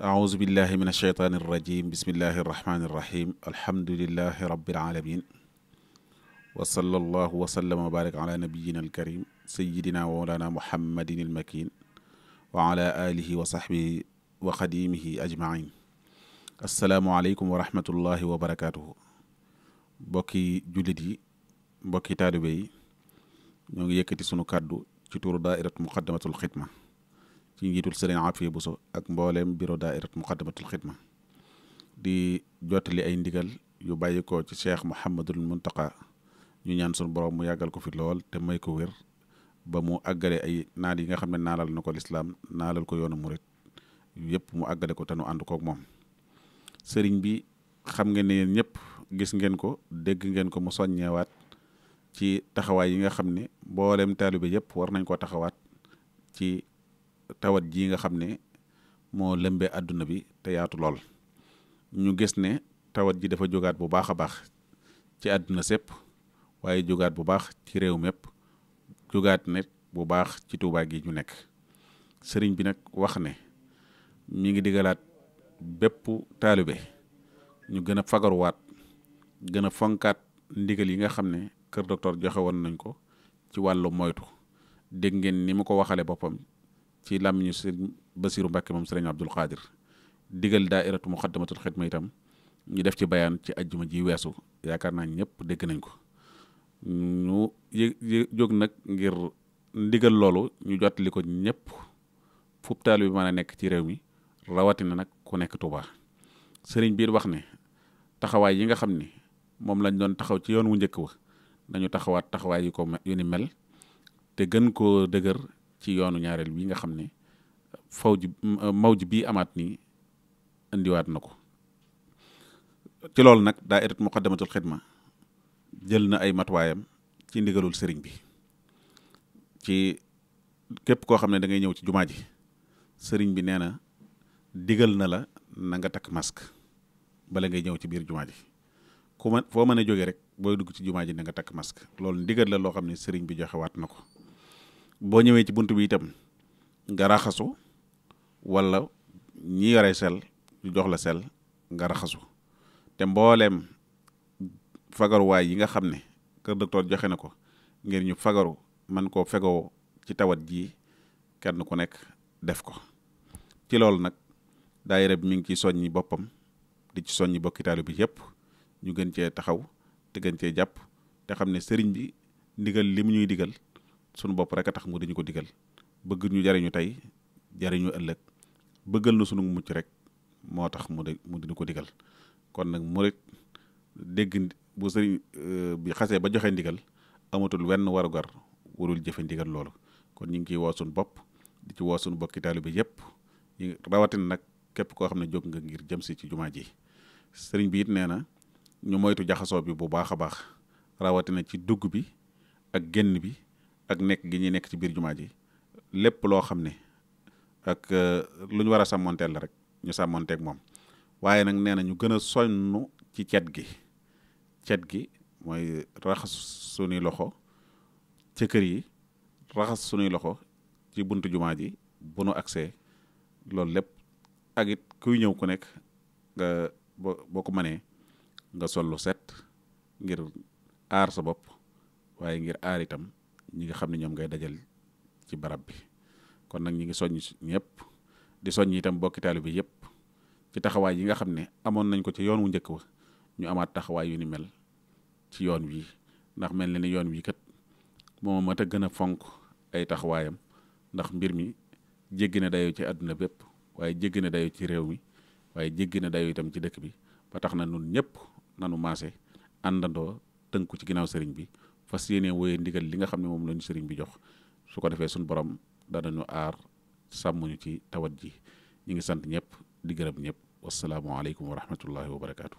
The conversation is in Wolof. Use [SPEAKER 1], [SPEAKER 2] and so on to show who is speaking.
[SPEAKER 1] auzu billahi min alsheytaani irrajim bismillahi irrahmani irrahim alhamdulilahi rabilalamin wasala allahu wasallam wa barik ala nabiyina alkarim sayidina wa mawlana muhammadin almakin wa ala alihi wa saxbihi wa xadimihi ajmain asalaamualeykum wa rahmatullahi wa barakatuhu mbokki jullit yi mbokki taalibe yi ñoo ngi yëkkati sunu kàddu ci turu daairat muqaddamatul xidma ci njiitul sëriñ bu so ak mbooleem bureau daairat muqaddamatul xidma di jottali ay ndigal yu bàyyi ko ci cheikh Mouhamadul Muntaqa ñu ñaan sunu borom mu yàggal ko fi lool te may ko wér ba mu àggale ay naal yi nga xam ne naalal na ko lislaam naalal ko yoonu murit yépp mu àggale ko te nu ànd kook moom sëriñ bi xam nga ne ñëpp gis ngeen ko dégg ngeen ko mu soññeewaat ci taxawaay yi nga xam ne mbooleem taalibe yëpp war nañ koo taxawaat ci tawat ji nga xam ne moo lëmbee àdduna bi te yaatu lool ñu gis ne tawat ji dafa jógaat bu baax a baax ci àdduna sépp waaye jógaat bu baax ci réew mépp jógaat ne bu baax ci Tuubaa gi ñu nekk sëriñ bi nag wax ne mi ngi digalaat bépp taalibe ñu gën a fagaruwaat gën a fonkaat ndigal yi nga xam ne kër docteur joxe woon nañ ko ci wàllu moytu dégg ngeen ni mu ko waxale boppam ci làmmiñu sëriñ basiiru Mbàkke moom sëriñ Abdul Xaadir digal daairatu muxaddamatul xidma itam ñu def ci bayaan ci ajjuma ji weesu yaakaar naa ñëpp dégg nañ ko ñu yë jóg nag ngir ndigal loolu ñu jottali ko ñëpp fub bi mën a nekk ci réew mi rawatina nag ku nekk Tuuba sëriñ biir wax ne taxawaay yi nga xam ni moom lañ doon taxaw ci yoon wu njëkk wa nañu taxawaat taxawaay yu ko yu ni mel te gën koo dëgër ci yoonu ñaareel bi nga xam ne faw ji maw ji bii amaat nii indiwaat na ko ci loolu nag daa daayiratu muqaddamatul xidma jël na ay matuwaayam ci ndigalul sëriñ bi ci képp koo xam ne dangay ñëw ci jumaa ji sëriñ bi nee na digal na la na nga takk masque bala ngay ñëw ci biir jumaa ji ku ma foo mën a jógee rek booy dugg ci jumaa ji na nga takk masque loolu ndigal la loo xam ne sëriñ bi joxewaat na ko boo ñëwee ci bunt bi itam nga raxasu wala ñi yore sel ñu jox la sel nga raxasu te mbooleem fagaruwaay yi nga xam ne kër docteur joxe na ko ngir ñu fagaru man koo fegoo ci tawat ji kenn ku nekk def ko ci loolu nag daayira bi mi ngi ci soññi boppam di ci soññi bokki taalibe bi yëpp ñu gën cee taxaw te gën cee jàpp te xam ne sëriñ bi ndigal li mu ñuy digal sunu bopp rek a tax mu dañu ko digal bëgg ñu jariñu tey jariñu ëllëg bëggal na sunu mucc rek moo tax mu de mu dañu ko digal kon nag mu rek dégg bu sëriñ euh, bi xasee ba joxe ndigal amatul wenn warugar warul jëfe ndigal loolu kon ñu ngi ciy woo sunu bopp di ci woo sunu bokki taalibe bi yëpp rawatina nag képp koo xam ne jóg nga ngir jëm si ci jumaa ji sëriñ bi it nee na ñu moytu jaxasoo bi bu baax a baax rawatina ci dugg bi ak génn bi ak nekk gi ñuy nekk ci biir jumaa ji lépp loo xam ne ak euh, lu ñu war a sàmmonteel la rek ñu sàmmonteeg moom waaye nag nee na ñu gën a sonn ci cet gi cet gi mooy raxas sunuy loxo ci kër yi raxas suñuy loxo ci buntu jumaa ji bu nu agsee loolu lépp ak it kuy ñëw ku nekk nga boo ko mënee nga sol lu set ngir aar sa bopp waaye ngir aar itam ñi nga xam ne ñoom ngay dajal ci barab bi kon nag ñu ngi soññ ñëpp di soññ itam bokki taalibe bi yëpp ci taxawaay yi nga xam ne amoon nañ ko ci yoon wu njëkk wa ñu amaat taxawaay yu ni mel ci yoon wi ndax mel na ni yoon wi kat moom mat a gën a fonk ay taxawaayam ndax mbir mi jéggi na dayoo ci àdduna bépp waaye jéggi na dayoo ci réew mi waaye jéggi na dayoo itam ci dëkk bi ba tax na nun ñëpp nanu maase àndandoo tënku ci ginnaaw sëriñ bi fas yéene wooyee ndigal li nga xam ne moom lañu sëriñ bi jox su ko defee suñu borom danañu aar sàmm ñu ci tawat ji ñu ngi sant ñëpp di gërëm ñëpp wasalaamualeykum wa rahmatullahi wa barakaatu.